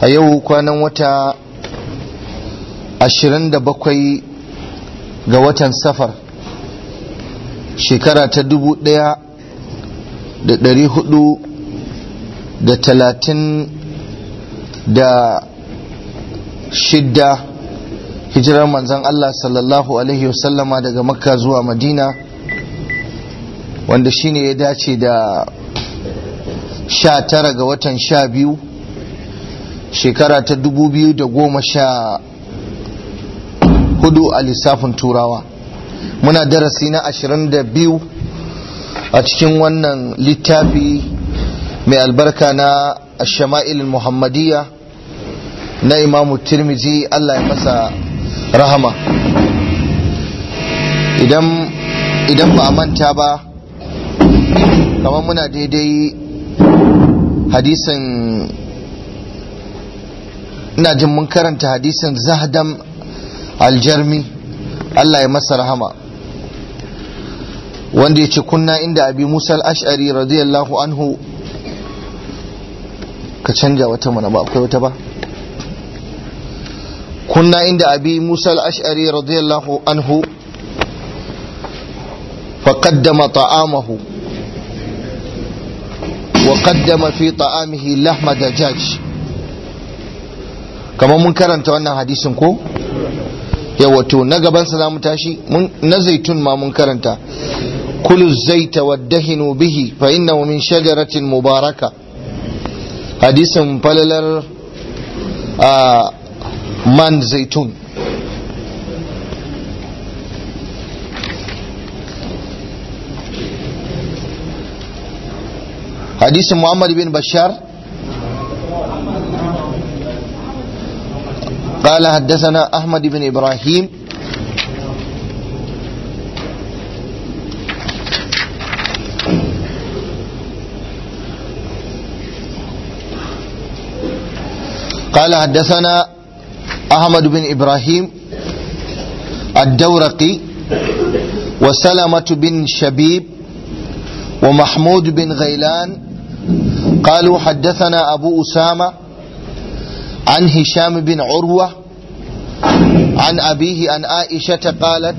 a yau kwanan wata 27 ga watan safar shekara ta 1436 da talatin da shidda hijirar manzan Allah sallallahu Alaihi wasallama daga makka zuwa madina wanda shine ya dace da sha tara ga watan sha biyu shekara ta goma sha hudu a lissafin turawa muna darasi na ashirin da biyu a cikin wannan littafi mai albarka na shama'il muhammadiyya na imamu tirmizi allah ya masa rahama idan ba a manta ba kamar muna daidai hadisan ina jin mun karanta hadisin zahdam aljarmi Allah ya masa rahama wanda ya ce kunna inda abi musa al-ash'ari radiyallahu anhu ka canja wata mana ba akwai wata ba kunna inda abi musa al-ash'ari radiyallahu anhu فقدم طعامه وقدم في طعامه لحم دجاج kamar mun karanta wannan hadisin ko ya wato na gabansa za mu tashi na zaitun ma mun karanta kulu zaita waddahinu bihi fa innahu min shajaratin mubaraka hadisin falalar man zaitun hadisin muhammad bin bashar قال حدثنا أحمد بن إبراهيم قال حدثنا أحمد بن إبراهيم الدورقي وسلمة بن شبيب ومحمود بن غيلان قالوا حدثنا أبو أسامة عن هشام بن عروة عن أبيه عن عائشة قالت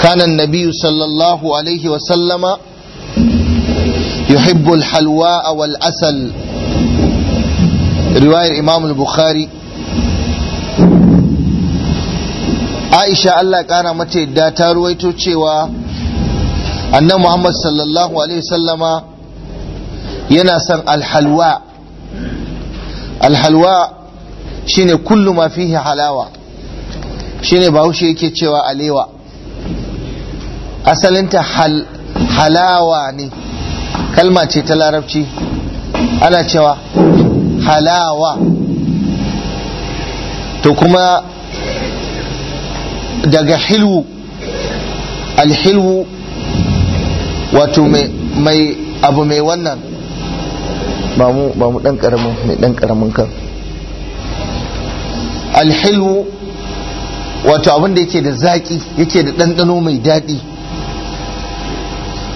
كان النبي صلى الله عليه وسلم يحب الحلواء والعسل رواية الإمام البخاري aisha Allah ƙara mata yadda ta ruwaito cewa annan muhammad sallallahu alaihi sallama yana son alhalwa alhalwa shine kullu ma fihi halawa shine bahaushe yake cewa alewa asalinta hal, halawa ne kalma ce ta larabci ana cewa halawa to kuma daga hilwu alhilwu wato mai abu mai wannan ba mu dan karamin mai dan karamin kan alhilu wato abin da yake da zaki yake da ɗanɗano mai daɗi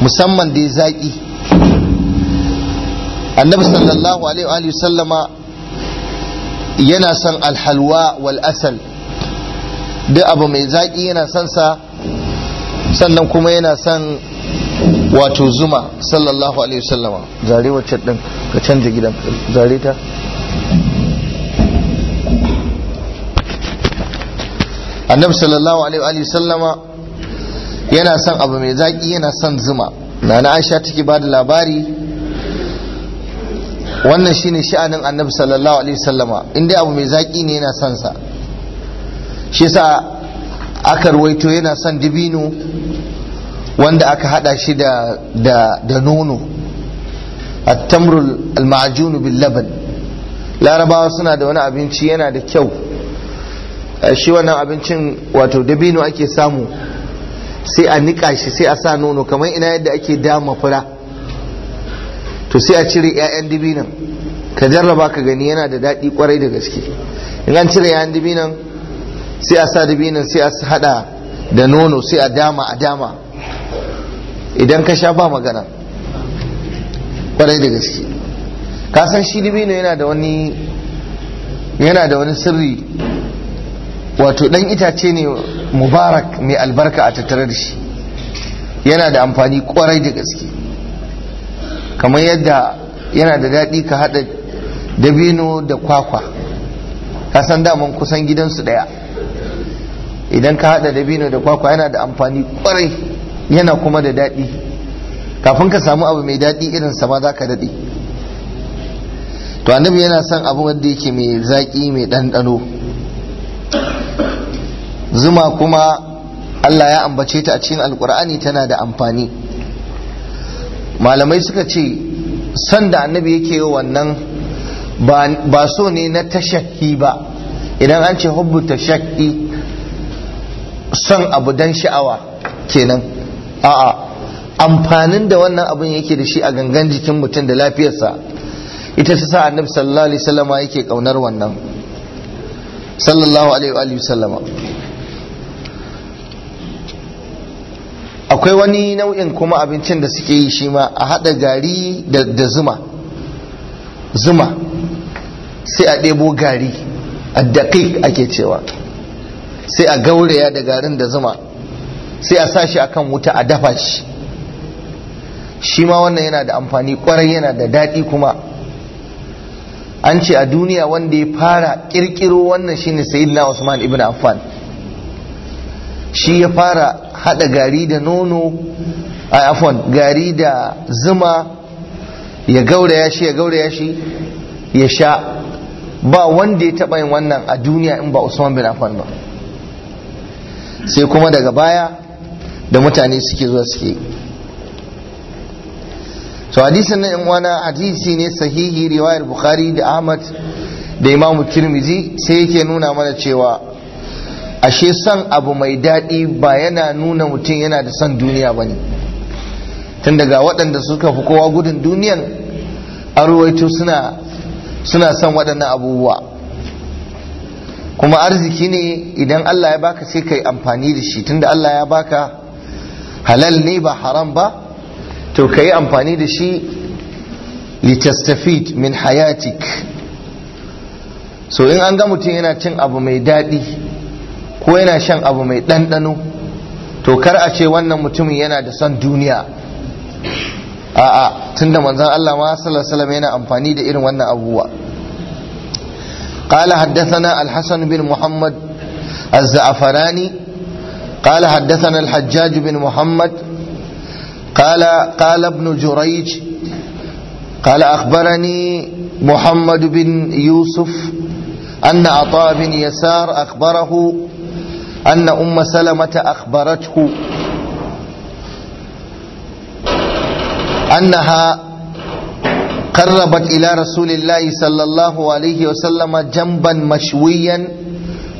musamman da ya zaki annabi sallallahu alaihi wa sallama yana son alhalwa wal asal duk abu mai zaki yana son sa sannan kuma yana son wato zuma sallallahu alaihi wasallama zare wacce din ka canza gidan zare ta annabi sallallahu alaihi wasallama yana son abu mai zaki yana son zuma na aisha take ba da labari wannan shine sha'anin annabi sallallahu alaihi wasallama inda abu mai zaki ne yana son sa shi yasa aka ruwaito yana son dibino wanda aka hada shi da da da nono at-tamrul al-ma'jun bil laban larabawa suna da wani abinci yana da kyau eh, shi wannan abincin wato dabino ake samu sai a nika shi sai a sa nono kamar ina yadda ake dama fura to sai a cire 'ya'yan dabinon ka jarraba ka gani yana da daɗi kwarai da gaske in an cire 'ya'yan dabinon sai a sa dabinon sai a hada da nono sai a dama a dama idan ka sha ba magana kwarai da gaske ka san shi dibino yana da wani yana da wani sirri wato dan itace ne mubarak mai albarka a tattare da shi yana da amfani kwarai da gaske kamar yadda yana da daɗi ka haɗa dabino da kwakwa ka san daman kusan gidansu ɗaya idan ka haɗa dabino da kwakwa yana da amfani kwarai yana kuma da daɗi kafin ka samu abu mai daɗi irin sama za ka daɗe to annabi yana son abu wanda yake mai zaƙi mai ɗanɗano zuma kuma Allah ya ambace ta a cikin alkur'ani tana da amfani malamai suka ce son da annabi yake yi wannan ba so ne na tashakki ba idan an ce hubbu tashakki son abu dan sha'awa kenan a'a amfanin da wannan abin yake da shi a gangan jikin mutum da lafiyarsa ita ta sa annabi sallallahu alaihi wasallama yake kaunar wannan sallallahu alaihi wasallama akwai wani nau'in kuma abincin da suke yi shi ma a haɗa gari da zuma zuma sai a ɗebo gari a daƙiƙ ake cewa sai a gauraya da garin da zuma sai a sa shi akan wuta a dafa shi shi ma wannan yana da amfani kwarai yana da daɗi kuma an ce a duniya wanda ya fara ƙirƙiro wannan shine sayyidina Usman ibn Affan shi ya fara haɗa gari da nono a afon gari da zuma ya gauraya shi ya gauraya shi ya sha ba wanda ya taɓa yin wannan a duniya in ba Usman bin Affan ba sai kuma daga baya da mutane suke zuwa suke to hadisin na uwana hadisi ne sahihi riwayar bukhari da ahmad da imamu tirmizi sai yake nuna mana cewa ashe son abu mai daɗi ba yana nuna mutum yana da son duniya ba ne tun daga waɗanda suka fi kowa gudun duniyan an ruwaito suna son waɗannan abubuwa kuma arziki ne idan allah ya baka sai ka yi amfani da shi tunda allah ya baka halal ne ba haram ba to ka yi amfani da shi litastafid min hayatik so in an ga mutum yana cin abu mai daɗi ko yana shan abu mai ɗanɗano to kar a ce wannan mutumin yana da son duniya a'a da manzon Allah ma sallallahu yana amfani da irin wannan abubuwa قال حدثنا الحسن بن محمد الزعفراني قال حدثنا الحجاج بن محمد قال قال ابن جريج قال أخبرني محمد بن يوسف أن عطاء بن يسار أخبره أن أم سلمة أخبرته أنها قربت إلى رسول الله صلى الله عليه وسلم جنبا مشويا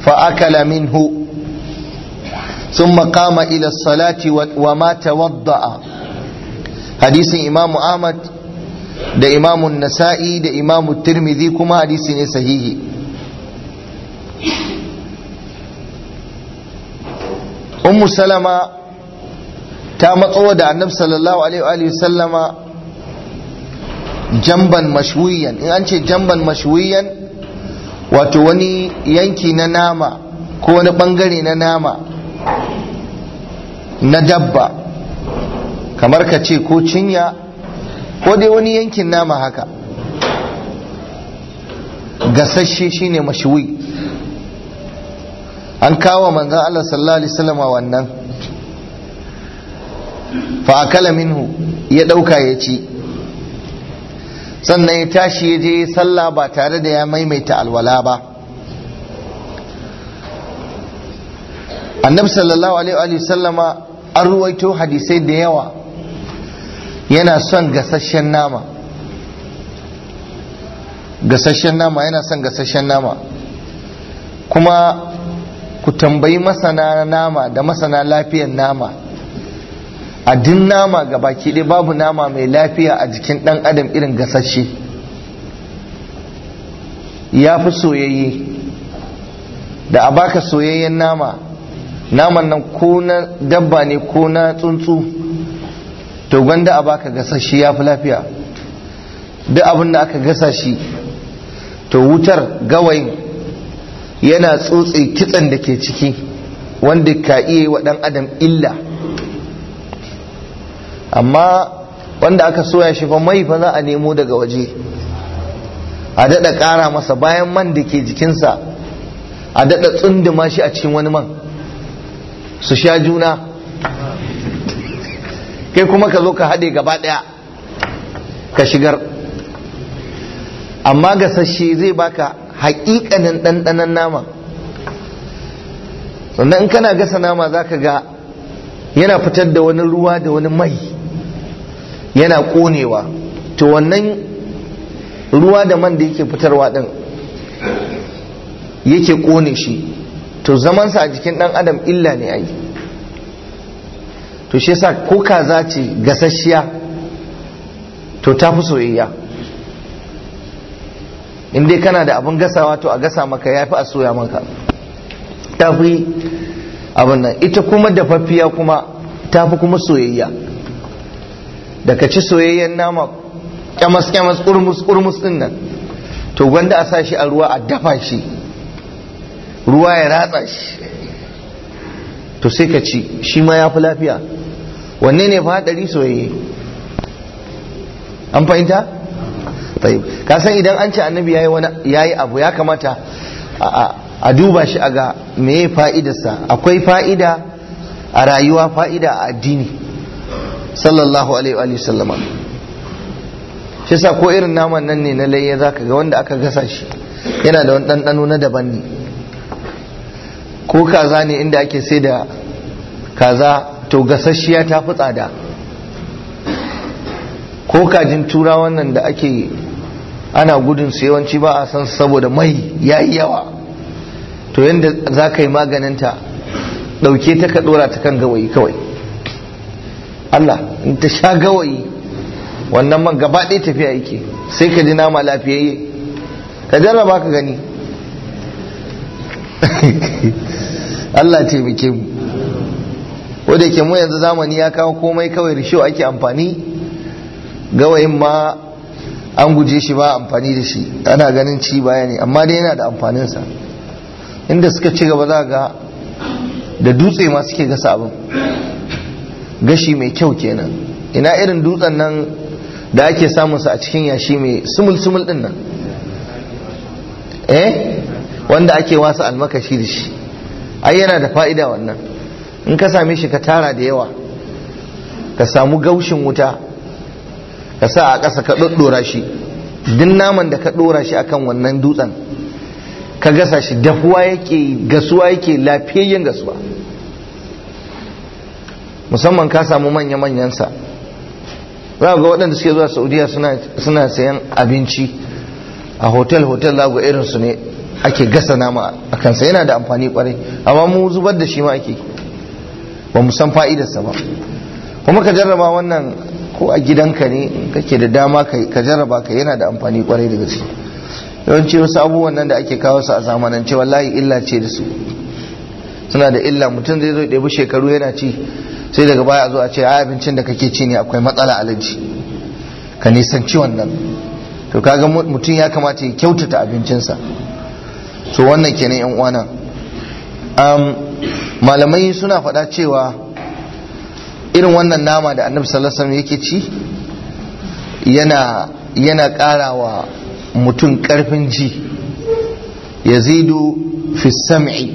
فأكل منه ثم قام إلى الصلاة وما توضأ حديث إمام أحمد da imamun nasa'i da imamu tirmidhi kuma hadisi ne sahihi ummu salama ta matso da annab sallallahu alaihi wa sallama jamban mashwiyan in an ce jamban mashwiyan wato wani yanki na nama ko wani bangare na nama na dabba kamar ka ce ko cinya ko dai wani yankin nama haka gasasshe shine mashiwi an kawo manzan Allah sallallahu alaihi wasallam wannan fa akala minhu ya dauka ya ci sannan ya tashi ya je sallah ba tare da ya maimaita alwala ba annabi sallallahu alaihi wa sallama an ruwaito hadisai da yawa yana son gasasshen nama gasasshen nama yana son gasashen nama kuma ku tambayi masana nama da masana lafiyan nama a din nama ga baki ɗaya babu nama mai lafiya a jikin ɗan adam irin gasasshe ya fi soyayye da a baka soyayyen nama naman nan ko na dabba ne ko na tsuntsu to gwanda a baka gasa shi ya fi lafiya duk abin da aka gasa shi to wutar gawayin yana tsotse kitsan da ke ciki wanda ka iya yi wa adam illa amma wanda aka soya shi fa mai fa za a nemo daga waje a daɗa ƙara masa bayan man da ke jikinsa a daɗa tsunduma shi a cikin wani man su sha juna kai kuma ka zo ka haɗe gaba ɗaya ka shigar amma gasashe zai baka haƙiƙanin ɗanɗanan nama sannan in kana gasa nama za ka ga yana fitar da wani ruwa da wani mai yana ƙonewa to wannan ruwa da man da yake fitarwa ɗin yake ƙone shi to zamansa a jikin dan adam illa ne ai to shi yasa ko kaza ce gasasshiya to ta fi soyayya in dai kana da abin gasawa to a gasa maka ya fi a soya maka ta fi abin nan ita kuma dafaffiya kuma ta fi kuma soyayya Daga ci soyayyen nama kyamas kyamas kurmus kurmus din nan to gwanda a sa shi a ruwa a dafa shi ruwa ya ratsa shi to sai ka ci shi ma ya fi lafiya wanne ne fa hadari soyayye an fahimta ka san idan an ci annabi ya yi abu ya kamata a duba shi a ga meye fa'idarsa akwai fa'ida a rayuwa fa'ida a addini sallallahu alaihi wa sallama shi sa ko irin naman nan ne na layya zaka ga wanda aka gasa shi yana da wani ɗanɗano na daban ne ko kaza ne inda ake sai da kaza to gasasshiya ta fi tsada ko kajin tura wannan da ake ana gudun su yawanci ba a san saboda mai ya yi yawa to yadda za ka yi maganinta ɗauke ta ka ɗora ta kan gawayi kawai Allah in ta sha gawayi wannan man gaba ɗaya tafiya yake sai ka ji nama lafiyayye ka jarraba ka gani Allah taimake mu wanda yake mu yanzu zamani ya kawo komai kawai da risho ake amfani gawayin ma an guje shi ba amfani da shi ana ganin ci baya ne amma dai yana da amfaninsa inda suka ci gaba za ga da dutse ma suke ga sabon gashi mai kyau kenan ina irin dutsen nan da ake samunsa a cikin yashi mai sumul-sumul din nan eh wanda ake wasa almakashi da shi ai yana da fa'ida wannan in ka same shi ka tara da yawa ka samu gaushin wuta ka sa a ƙasa ka ɗoɗɗora shi duk naman da ka ɗora shi akan wannan dutsen ka gasa shi dafuwa yake gasuwa yake lafiyayyen gasuwa musamman ka samu manya-manyansa za ga waɗanda suke zuwa saudiya suna sayan abinci a hotel-hotel za ga irinsu ne ake gasa nama a kansa yana da amfani kwarai amma mu zubar da shi ma ake ba mu san fa'idarsa ba kuma ka jarraba wannan ko a gidanka ne kake da dama ka jarraba ka yana da amfani kwarai da gaske yawanci wasu abubuwan nan da ake kawo su a zamanance wallahi illa ce da su suna da illa mutum zai zo ɗebi shekaru yana ci sai daga baya a zo a ce a abincin da kake ci ne akwai matsala a laji ka nisanci wannan to kaga mutum ya kamata ya kyautata abincinsa so wannan kenan yan uwana um, malamai suna faɗa cewa irin wannan nama da annabi sallallahu alaihi yake ci yana yana ƙarawa mutum ƙarfin ji yazidu fi sam'i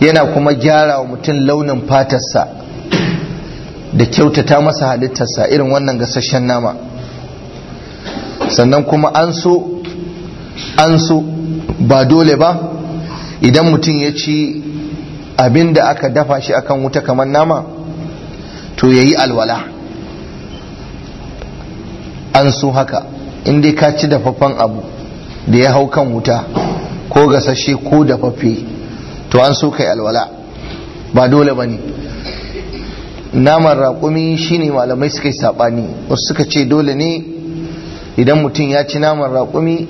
yana kuma gyara wa mutum launin fatarsa da kyautata masa halittarsa irin wannan gasasshen nama sannan kuma an so an so ba dole ba idan mutum ya ci abin da aka dafa shi akan wuta kamar nama to ya yi alwala an so haka inda ka ci dafaffen abu da ya hau kan wuta ko gasashe ko dafaffe to an so ka yi alwala ba dole ba ne naman raƙumi shine malamai suka yi saɓani wasu suka ce dole ne idan mutum ya ci naman raƙumi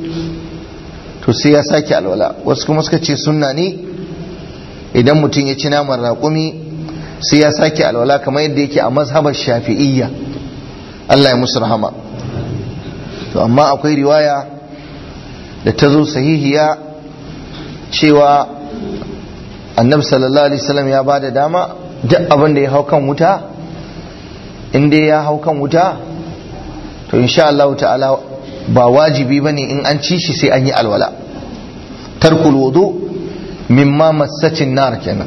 to sai ya sake alwala wasu kuma suka ce sunna ne idan mutum ya ci naman raƙumi sai ya sake alwala kamar yadda yake a mazhabar shafi'iyya Allah ya musu rahama to amma akwai riwaya da ta zo sahihiya cewa annabi sallallahu alaihi wasallam ya ba da dama duk abin da ya hau kan wuta in dai ya hau kan wuta to insha Allah ta'ala ba wajibi bane in an ci shi sai an yi alwala tarkul wudu mimma massatin nar kenan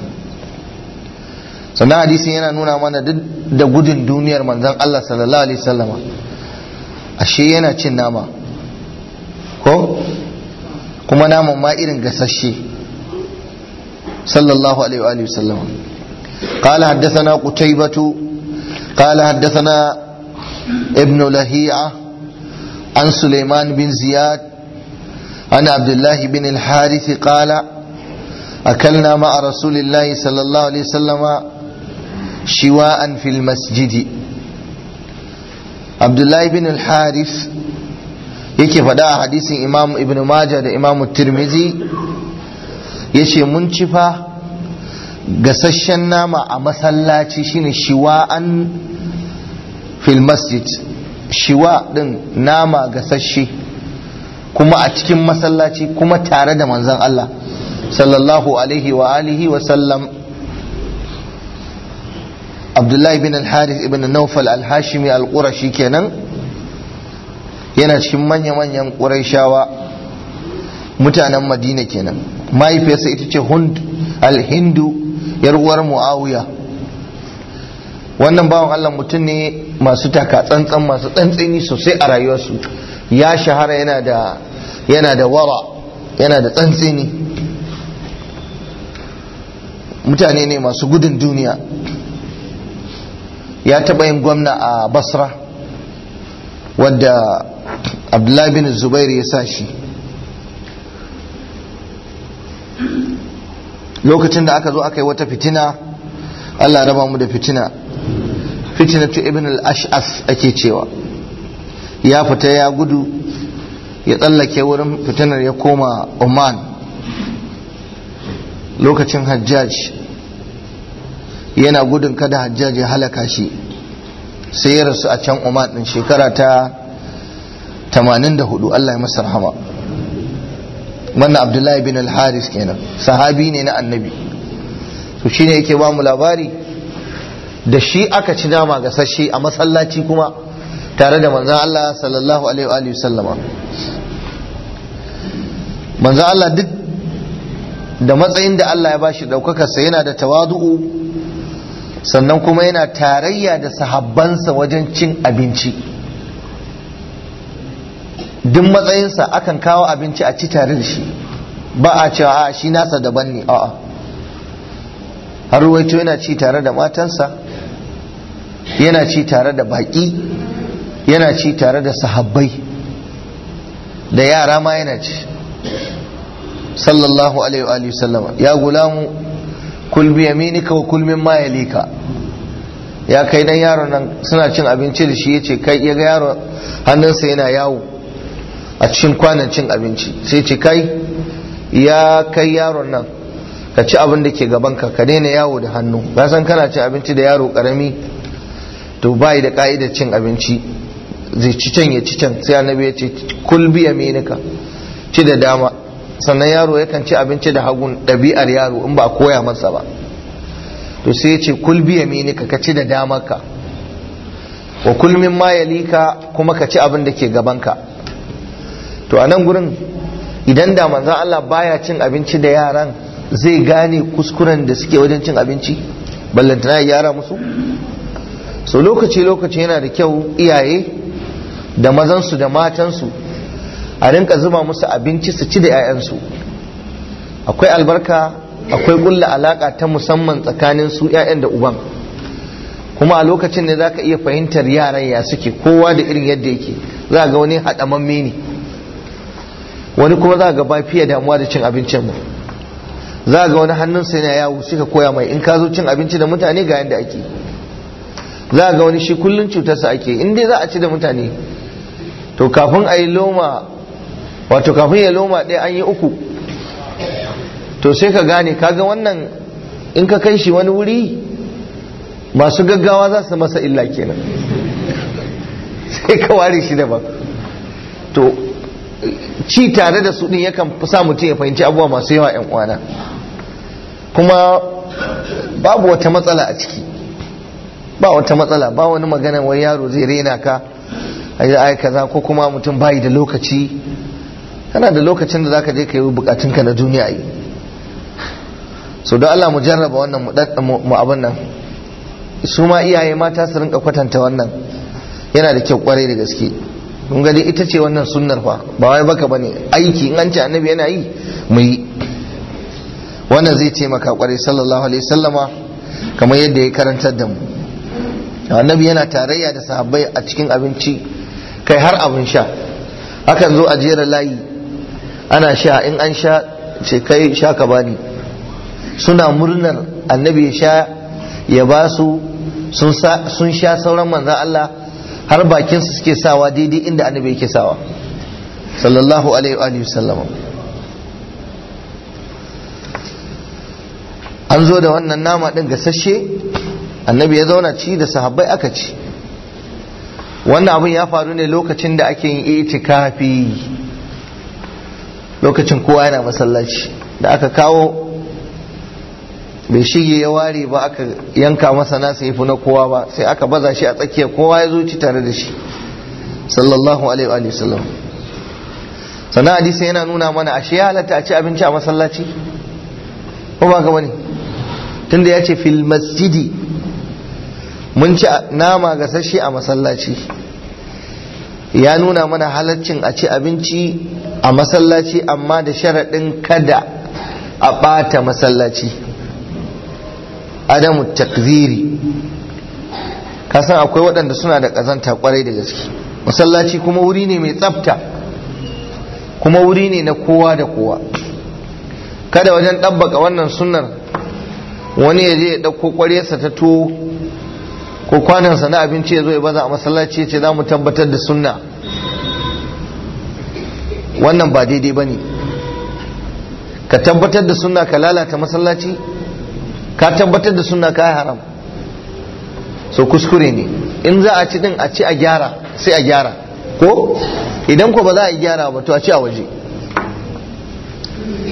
sannan hadisi yana nuna mana duk da gudun duniyar manzon Allah sallallahu alaihi wasallama ashe yana cin nama ko kuma naman ma irin gasasshe sallallahu alaihi wasallama قال حدثنا قتيبة قال حدثنا ابن لهيعة عن سليمان بن زياد عن Abdullahi الله بن الحارث قال أكلنا مع رسول الله صلى الله عليه وسلم شواء في المسجد عبد الله بن الحارث yake faɗa a hadisin imam ibn maja da imam tirmizi ya ce mun ci fa gasasshen nama a masallaci shine shiwa'an fil masjid shiwa ɗin nama gasasshe kuma a cikin masallaci kuma tare da manzon Allah sallallahu alaihi wa alihi wa sallam Abdullahi bin al-Harith ibn Nawfal al-Hashimi al-Qurashi kenan yana cikin manya-manyan Qurayshawa mutanen Madina kenan mahaifiyarsa ita ce Hund al-Hindu yarwar Muawiya wannan bawan Allah mutum ne masu taka tsantsan masu tsantsani sosai a rayuwarsu ya shahara yana da yana da wara yana da tsantsini mutane ne masu gudun duniya ya taɓa yin gwamna a basra wadda abdullahi bin zubairu ya sa shi lokacin da aka zo aka yi wata fitina allah raba mu da fitina fitina fitinatu ibn al-ash'af ake cewa ya fita ya gudu ya tsallake wurin fitinar ya koma oman lokacin hajjaj yana gudun kada hajjaj ya halaka shi sai ya rasu a can oman din shekara ta 84 allah ya masa rahama wannan abdullahi bin al-haris kenan sahabi ne na annabi to shine yake ba mu labari da shi aka ci nama gasasshe a masallaci kuma tare da manzan Allah sallallahu alaihi sallama manzan Allah duk da matsayin da Allah ya bashi ɗaukakarsa yana da tawadu'u sannan kuma yana tarayya da sahabbansa wajen cin abinci duk matsayinsa akan kawo abinci a ci tare da shi ba a cewa a shi nasa daban ne a'a har ruwaito yana ci tare da matansa yana ci tare da baƙi yana ci tare da sahabbai da yara ma yana ci sallallahu alaihi wa sallama ya gulamu kul yaminika wa kul mimma ya kai dan yaron nan suna cin abinci da shi yace kai ya ga yaro hannunsa yana yawo a cikin kwanan cin abinci sai ce kai ya kai yaron nan ka ci abin da ke gabanka ka daina yawo da hannu ka san kana cin abinci da yaro karami to bai da ka'idar cin abinci zai ci can ya ci can sai annabi ya ce kul bi yaminika ci da dama sannan yaro yakan ci abinci da hagun ɗabi'ar yaro in ba a koya masa ba to sai ya ce kul bi yaminika ka ci da damarka wa kul min ma yalika kuma ka ci abin da ke gabanka to a nan gurin idan da manzon Allah baya cin abinci da yaran zai gane kuskuren da suke wajen cin abinci ballantana yara musu so lokaci lokaci yana da kyau iyaye da mazansu da matansu a rinka zuba musu abinci su ci da 'ya'yansu akwai albarka akwai kulla alaka ta musamman tsakanin su 'ya'yan da uban kuma a lokacin ne zaka iya fahimtar yaran ya suke kowa da irin yadda yake za ga wani haɗamamme ne wani kuma za ga ba fiye damuwa da cin abincin mu za ga wani hannun sa yana yawo suka koya mai in ka zo cin abinci da mutane ga yadda ake za ga wani shi kullun cutarsa ake in dai za a ci da mutane to kafin a yi loma wato kafin ya loma ɗaya an yi uku to sai ka gane kaga wannan in ka kai shi wani wuri masu gaggawa za su masa illa kenan sai ka ware shi daban to ci tare da su ɗin yakan sa mutum ya fahimci abuwa masu yawa 'yan uwana kuma babu wata matsala a ciki ba wata matsala ba wani magana wani yaro zai rena ka ai kaza ko kuma mutum bai da lokaci kana da lokacin da zaka je ka bukatun ka na duniya yi so don Allah mu jarraba wannan mu abin nan su ma iyaye mata su rinka kwatanta wannan yana da kyau kwarai da gaske kun gani ita ce wannan sunnar fa ba wai baka bane aiki in an ce annabi yana yi mu yi wannan zai taimaka kwarai sallallahu alaihi sallama kamar yadda ya karantar da mu annabi yana tarayya da sahabbai a cikin abinci kai har abin sha hakan zo a jera layi ana sha in an sha ce kai sha ka bani suna murnar annabi sha ya ba su sun sha sauran manzan Allah har bakin su suke sawa daidai inda annabi yake sawa sallallahu alaihi wa sallam an zo da wannan nama ɗin gasasshe annabi ya zauna ci da sahabbai aka ci wannan abin ya faru ne lokacin da ake yin itikafi lokacin kowa yana masallaci da aka kawo bai shige ya ware ba aka yanka masa nasa yi na kowa ba sai aka baza shi a tsakiya kowa ya zo ci tare da shi sallallahu alaihi wa sallam sannan hadisi yana nuna mana ashe ya halatta a ci abinci a masallaci ko ba ka bane tunda ya ce fil masjidi mun ci nama gasasshe a masallaci ya nuna mana halaccin a ci abinci a masallaci amma da sharaɗin kada a ɓata masallaci adamu takziri kasan akwai waɗanda suna da ƙazanta ƙwarai da gaske masallaci kuma wuri ne mai tsafta kuma wuri ne na kowa da kowa kada wajen ɗabbaka wannan sunnar wani ya je ya ɗauko ƙwaryarsa ta tuwo ko kwanansa na abinci ya zo ya baza a masallaci ce za mu tabbatar da sunna wannan ba daidai ba ne ka tabbatar da sunna ka lalata masallaci ka tabbatar da sunna ka haram so kuskure ne in za a ci din a ci a gyara sai a gyara ko idan ko ba za a gyara ba to a ci a waje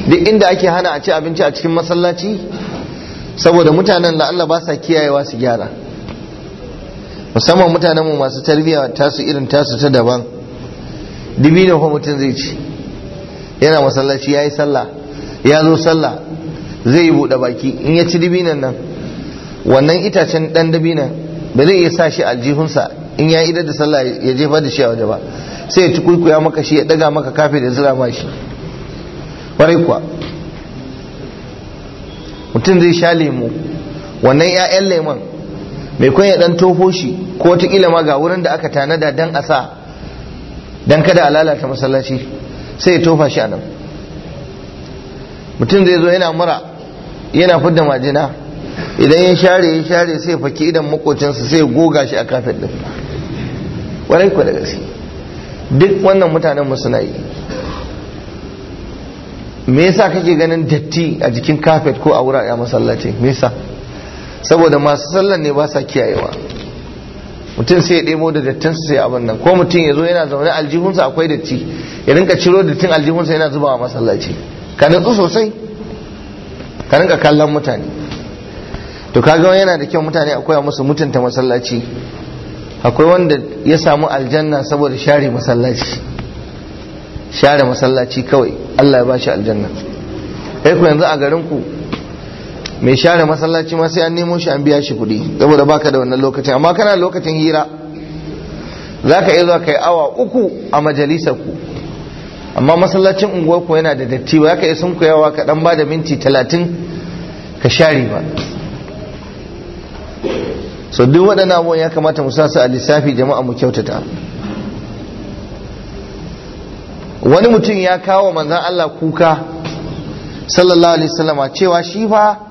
duk inda ake hana a ci abinci a cikin masallaci saboda mutanen da Allah ba sa kiyayewa su gyara musamman mutanen mu masu tarbiyya tasu irin tasu ta daban dibi da mutum zai ci yana masallaci ya yi sallah ya zo sallah zai yi buɗe baki in ya ci dibinan nan wannan itacen ɗan dibinan ba zai iya sa shi aljihunsa in ya idar da sallah ya jefa da shi a waje ba sai ya ci kurkuya maka shi ya ɗaga maka kafe da zira ma shi ƙwarai kuwa mutum zai sha lemu wannan 'ya'yan lemon mai kwaya dan tofo shi ko ta ma ga wurin da aka tanada dan a sa dan kada a lalata masallaci sai ya tofa shi a nan mutum zai zo yana mura yana fidda majina idan ya share ya share sai faki idan makocinsa sai goga shi a kafin din warai ku da gaske duk wannan mutanen mu suna yi me yasa kake ganin datti a jikin kafet ko a wurare masallaci me yasa saboda masu sallan ne ba sa kiyayewa mutum sai ya ɗebo da dattinsu sai abin nan ko mutum ya zo yana zaune aljihunsa akwai datti ya rinka ciro dattin aljihunsa yana zubawa masallaci ka nutsu sosai ka rinka kallon mutane to kaga yana da kyau mutane akwai musu mutunta masallaci akwai wanda ya samu aljanna saboda share masallaci share masallaci kawai Allah ya ba shi aljanna kai ku yanzu a garin ku mai share masallaci ma sai an nemo shi an biya shi kuɗi saboda baka da wannan lokacin amma kana lokacin hira za ka iya zuwa kai awa uku a majalisar ku amma masallacin unguwar ku yana da datti ba ka iya sun koyawa ka dan ba da minti talatin ka share ba so duk waɗannan abubuwan ya kamata mu sa su a lissafi jama'a mu kyautata wani mutum ya kawo manzan Allah kuka sallallahu alaihi wasallama cewa shi fa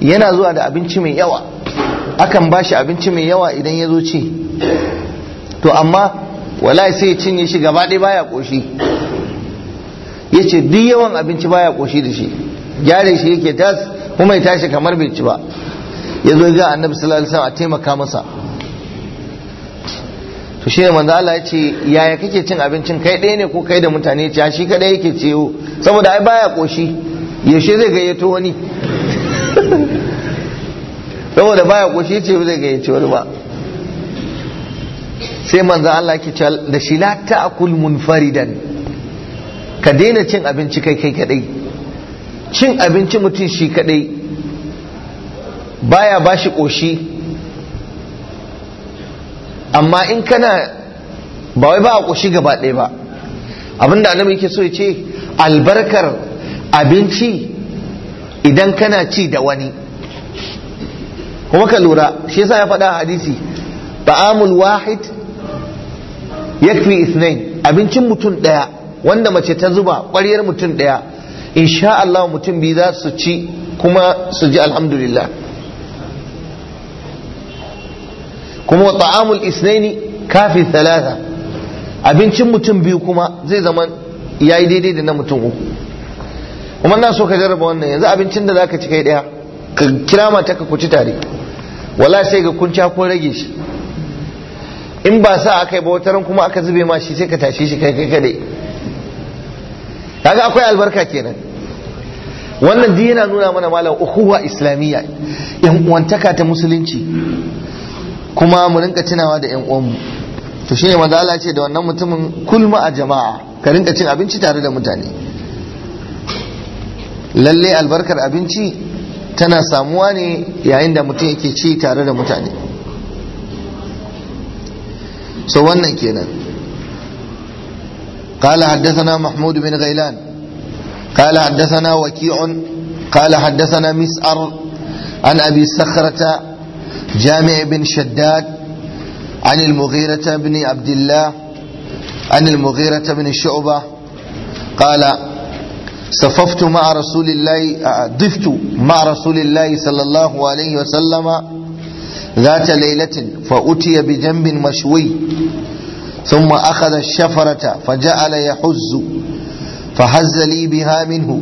yana zuwa da abinci mai yawa akan bashi abinci mai yawa idan ya zo ci to amma wallahi sai ya cinye shi gaba ɗaya baya ƙoshi ya ce duk yawan abinci baya ƙoshi da shi gyare shi yake tas kuma ya tashi kamar bai ci ba ya zo ga annabi sallallahu alaihi wasallam a taimaka masa to shi manzo Allah ya ce yaya kake cin abincin kai ɗaya ne ko kai da mutane ci shi kadai yake ciwo saboda ai baya koshi yaushe zai gayyato wani saboda baya koshi ce zai gayyaci wani ba sai manzan Allah ke cewa da shi la ta'kul munfaridan ka daina cin abinci kai kai kadai cin abinci mutum shi kadai baya shi koshi amma in kana ba wai ba a koshi gaba ɗaya ba abinda annabi yake so ya ce albarkar abinci idan kana ci da wani kuma ka lura shi yasa ya faɗa hadisi ba'amul wahid yakfi isnain abincin mutum ɗaya wanda mace ta zuba ƙwaryar mutum ɗaya insha Allah mutum biyu za su ci kuma su ji alhamdulillah kuma ta'amul isnaini kafi thalatha abincin mutum biyu kuma zai zama yayi daidai da na mutum uku kuma na so ka jarraba wannan yanzu abincin da zaka ci kai daya ka kira mata ka kuci tare wala sai ga kun ko rage shi in ba sa aka ba wataran kuma aka zube ma shi sai ka tashi shi kai kai kade kaga akwai albarka kenan wannan duk yana nuna mana malam ukhuwa islamiyya yan uwantaka ta musulunci kuma mu rinka tunawa da yan uwanmu to shine maza Allah ce da wannan mutumin kulma a jama'a ka rinka cin abinci tare da mutane lallai albarkar abinci tana samuwa ne yayin da mutum yake ci tare da mutane so wannan kenan kala haddasa na mahmudu bin gailan kala haddasa na waki'un kala haddasa na mis'ar an abi sakarta jami'a bin shaddad an ilmughira ta bi ne abdullahi an ilmughira ta bi ne kala صففت مع رسول الله آه، ضفت مع رسول الله صلى الله عليه وسلم ذات ليلة فأتي بجنب مشوي ثم أخذ الشفرة فجعل يحز فهز لي بها منه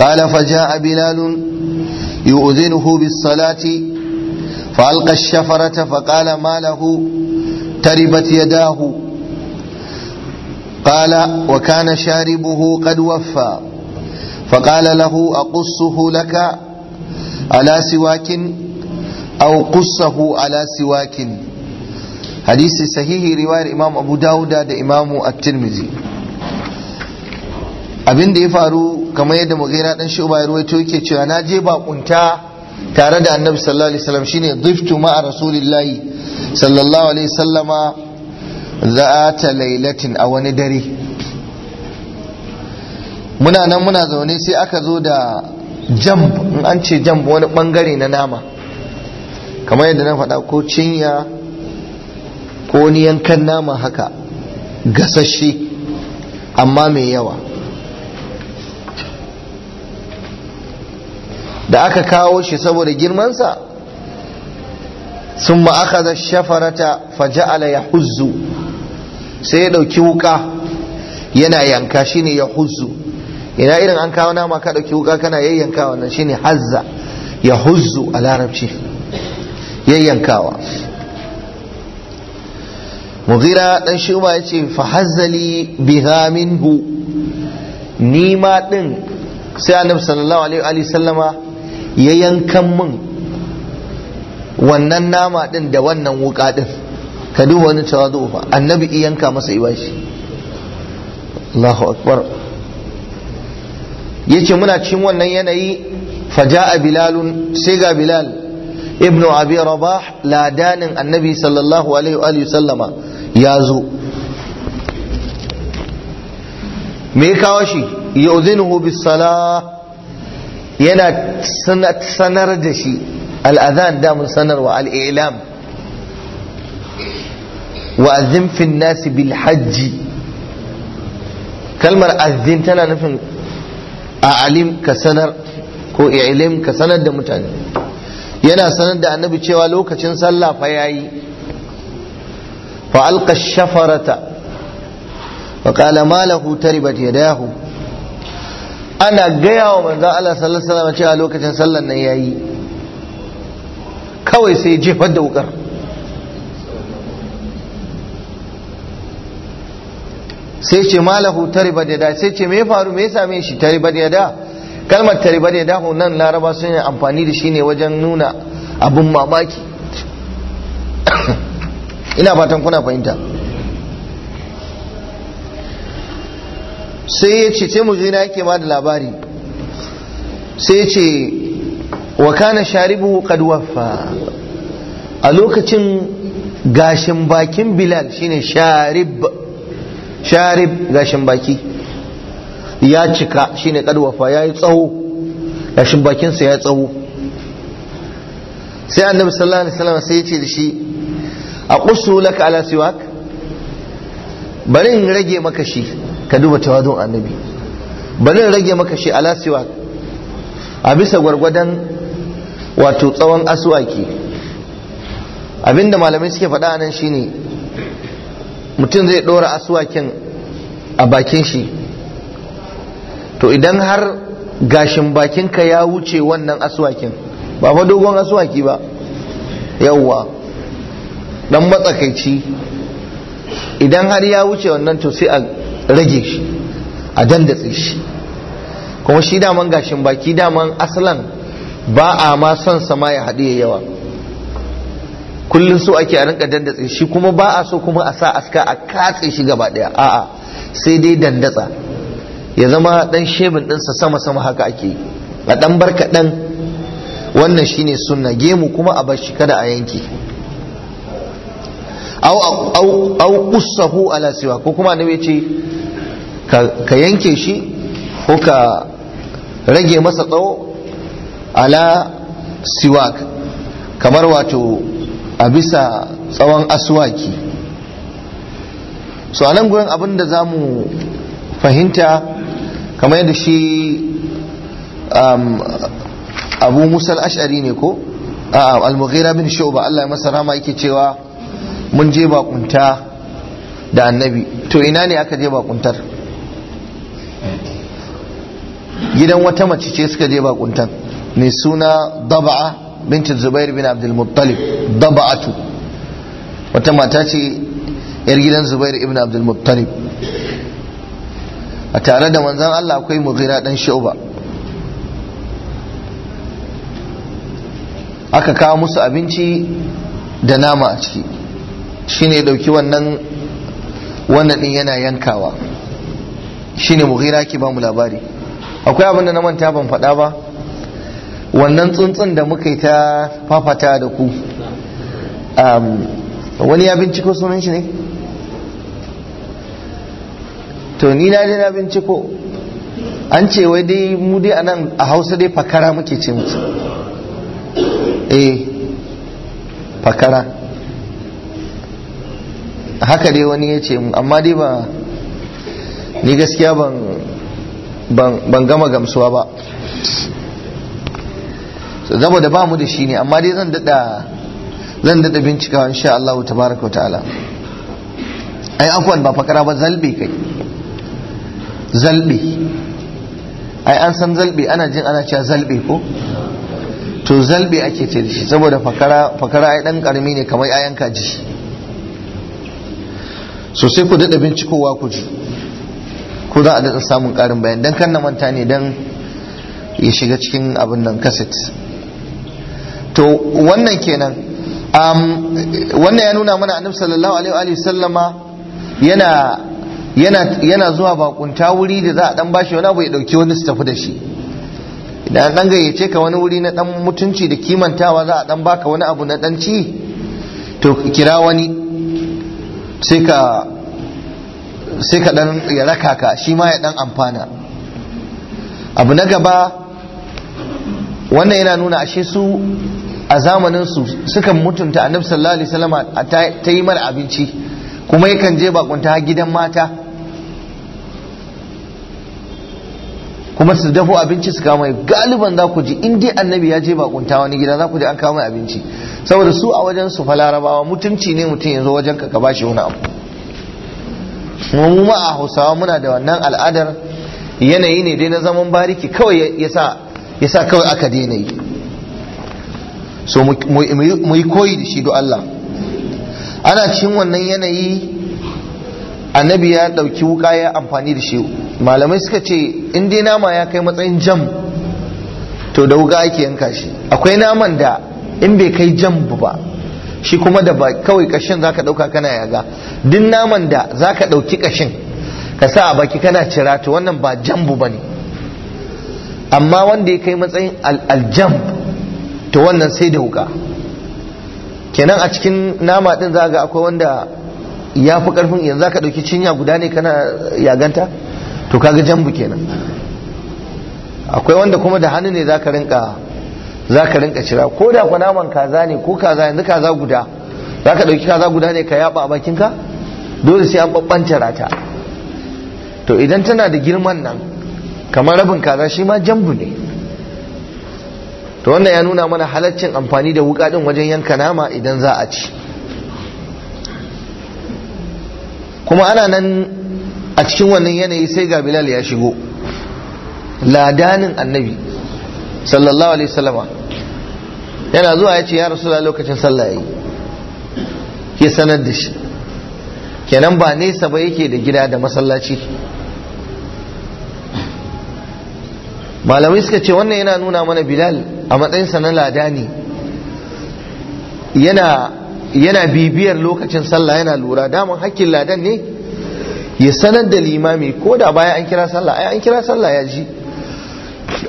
قال فجاء بلال يؤذنه بالصلاة فألقى الشفرة فقال ما له تربت يداه قال وكان شاربه قد وفى فقال له أقصه لك على سواك أو قصه على سواك حديث صحيح رواية إمام أبو داود دا إمام الترمذي abin da ya faru kamar yadda mughira dan shuba ya ruwaito yake cewa na je bakunta tare da annabi sallallahu alaihi wasallam shine dhiftu ma rasulillahi sallallahu alaihi wasallama za'ata lailatin a wani dare muna nan muna zaune sai aka zo da jamb in an ce jamb wani bangare na nama kamar yadda na faɗa ko cinya ko wani yankan nama haka gasashe amma mai yawa da aka kawo shi saboda girmansa sun ma'akaza shafarata faja'ala ya huzu sai ya ɗauki wuka yana yanka shi ne ya huzu ina irin an kawo nama ka dauki wuka kana yayyankawa wannan shine hazza ya huzzu a larabci yayyankawa mugira dan shi ya ce fa hazzali biha minhu ni ma din sai annabi sallallahu alaihi wa sallama ya yankan min wannan nama din da wannan wuka din ka duba wani tawadu fa annabi yanka masa ibashi Allahu akbar yace muna cikin wannan yanayi faja'a bilalun sai ga bilal ibnu abi rabah ladanin annabi sallallahu alaihi wa sallama ya zo me kawo shi yu'zinuhu bis sala yana sanar da shi al'adhan da mun sanarwa al'ilam wa azim fi nasi bil hajji kalmar azim tana nufin a alim ka sanar ko ilim ka sanar da mutane yana sanar da annabi cewa lokacin sallah fa yayi fa alqa shafarata wa qala ma lahu taribat yadahu ana gaya wa manzon Allah sallallahu alaihi wasallam cewa lokacin sallar nan yayi kawai sai jefar da wukar sai ce malahu taribar yada sai ce me faru me same shi taribar yada kalmar taribar yada nan laraba sun yi amfani da shi ne wajen nuna abun mamaki ina fatan kuna fahimta sai ya ce mu mujina yake ma da labari sai ce wa kana sharibu qad waffa a lokacin gashin bakin bilal shine sharib sharib gashin baki ya cika shine kadwafa yi tsawo gashin bakinsa ya tsawo sai annabi sallallahu alaihi wasallam sai ya ce da shi a qussu laka ala siwak bari in rage maka shi ka duba tawadun annabi bari in rage maka shi ala siwak a bisa gwargwadon wato tsawon aswaki abinda malamai suke faɗa nan shine mutum zai ɗora asuwakin a bakin shi to idan har gashin bakinka ya wuce wannan asuwakin ba fa dogon asuwaki ba yawwa dan matsakaici idan har ya wuce wannan to sai a rage shi a dandatse shi kuma shi daman gashin baki daman aslan ba a ma son sama ya haɗe yawa kullum so ake a rinka dandatsa shi kuma ba a so kuma a sa aska a katse shi gaba daya a'a sai dai dandatsa ya zama dan shebin dinsa sama sama haka ake a dan barka dan wannan shine sunna gemu kuma a bar shi kada a yanke au qussahu ala siwa ko kuma annabi ce ka yanke shi ko ka rage masa tsawo ala siwak kamar wato a bisa tsawon aswaki so a nan gurin abin da za mu fahimta kamar yadda shi um, abu musal ash'ari ne ko al-mughira bin ba Allah ya masa rama yake cewa mun je bakunta da annabi to ina ne aka je bakuntar gidan wata mace ce suka je bakuntar mai suna daba'a Bincin Zubairu bin abdul muttalib tu wata mata ce yar gidan Zubairu ibn abdul muttalib a tare da manzan Allah akwai mughira dan shu'ba aka kawo musu abinci da nama a ciki shine dauki wannan wannan din yana yankawa shine mughira ki ba mu labari akwai abinda na manta ban faɗa ba wannan tsuntsun da muka yi ta fafata da ku um, wani ya binciko sunan shi ne to ni na na binciko an ce wai dai mu dai anan a hausa dai fakara muke ce mutu eh fakara haka dai wani ya ce mu amma dai ba ni gaskiya ban gama gamsuwa ba saboda ba mu da shi ne amma dai zan dada zan dada wa insha Allah ta wa ta'ala ai afwan ba fakara ba zalbe kai zalbe ai an san zalbe ana jin ana cewa zalbe ko to zalbe ake ce da shi saboda fakara fakara ai dan karami ne kamar ayan kaji so sai ku dada bincikowa ku ji ko za a dada samun karin bayan dan kan na manta ne dan ya shiga cikin abin nan kaset to wannan kenan wannan ya nuna mana annabi sallallahu alaihi wa sallama yana yana yana zuwa bakunta wuri da za a dan bashi wani abu ya dauki wani su tafi da shi idan dan gayyace ka wani wuri na dan mutunci da kimantawa za a dan baka wani abu na dan ci to kira wani sai ka sai ka dan ya raka ka shi ma ya dan amfana abu na gaba wannan yana nuna ashe su a zamanin su sukan mutunta annabi sallallahu alaihi wasallama ta yi mara abinci kuma yakan je bakunta gidan mata kuma su dafo abinci su kama galiban za ku ji in dai annabi ya je bakunta wani gida za ku ji an kama abinci saboda su a wajen su falarabawa mutunci ne mutum yanzu wajen ka bashi wani abu mu ma a hausawa muna da wannan al'adar yanayi ne dai na zaman bariki kawai ya sa kawai aka daina yi so mu yi koyi da shi Allah ana cikin wannan yanayi annabi ya ɗauki wuka ya amfani da shi malamai suka ce in dai nama ya kai matsayin jam to da wuka ake yanka shi akwai naman da in bai kai jam ba shi kuma da ba kawai kashin zaka ɗauka kana yaga duk naman da zaka ɗauki kashin ka sa a baki kana cira to wannan ba jambu ba ne amma wanda ya kai matsayin aljamb to wannan sai da wuka kenan a cikin nama din za ga akwai wanda ya fi karfin yanzu za ka ɗauki cinya guda ne kana yaganta to kaga jambu kenan akwai wanda kuma da hannu ne za ka rinka za ka rinka cira ko da kwa naman kaza ne ko kaza yanzu kaza guda za ka ɗauki kaza guda ne ka yaba a bakinka dole sai an babbancara rata. to idan tana da girman nan kamar rabin kaza shi ma jambu ne to wannan ya nuna mana halaccin amfani da wuka din wajen yanka nama idan za a ci kuma ana nan a cikin wannan yanayi sai ga bilal ya shigo ladanin annabi sallallahu alaihi wasallama yana zuwa ya ce ya rasu da lokacin sallaye ke ya sanar da shi kenan ba nesa ba yake da gida da masallaci malamai suka ce wannan yana nuna mana bilal a matsayinsa na lada ne? yana bibiyar lokacin sallah yana lura damar hakkin ladan ne ya sanar da limami ko da baya an kira sallah ai an kira sallah ya ji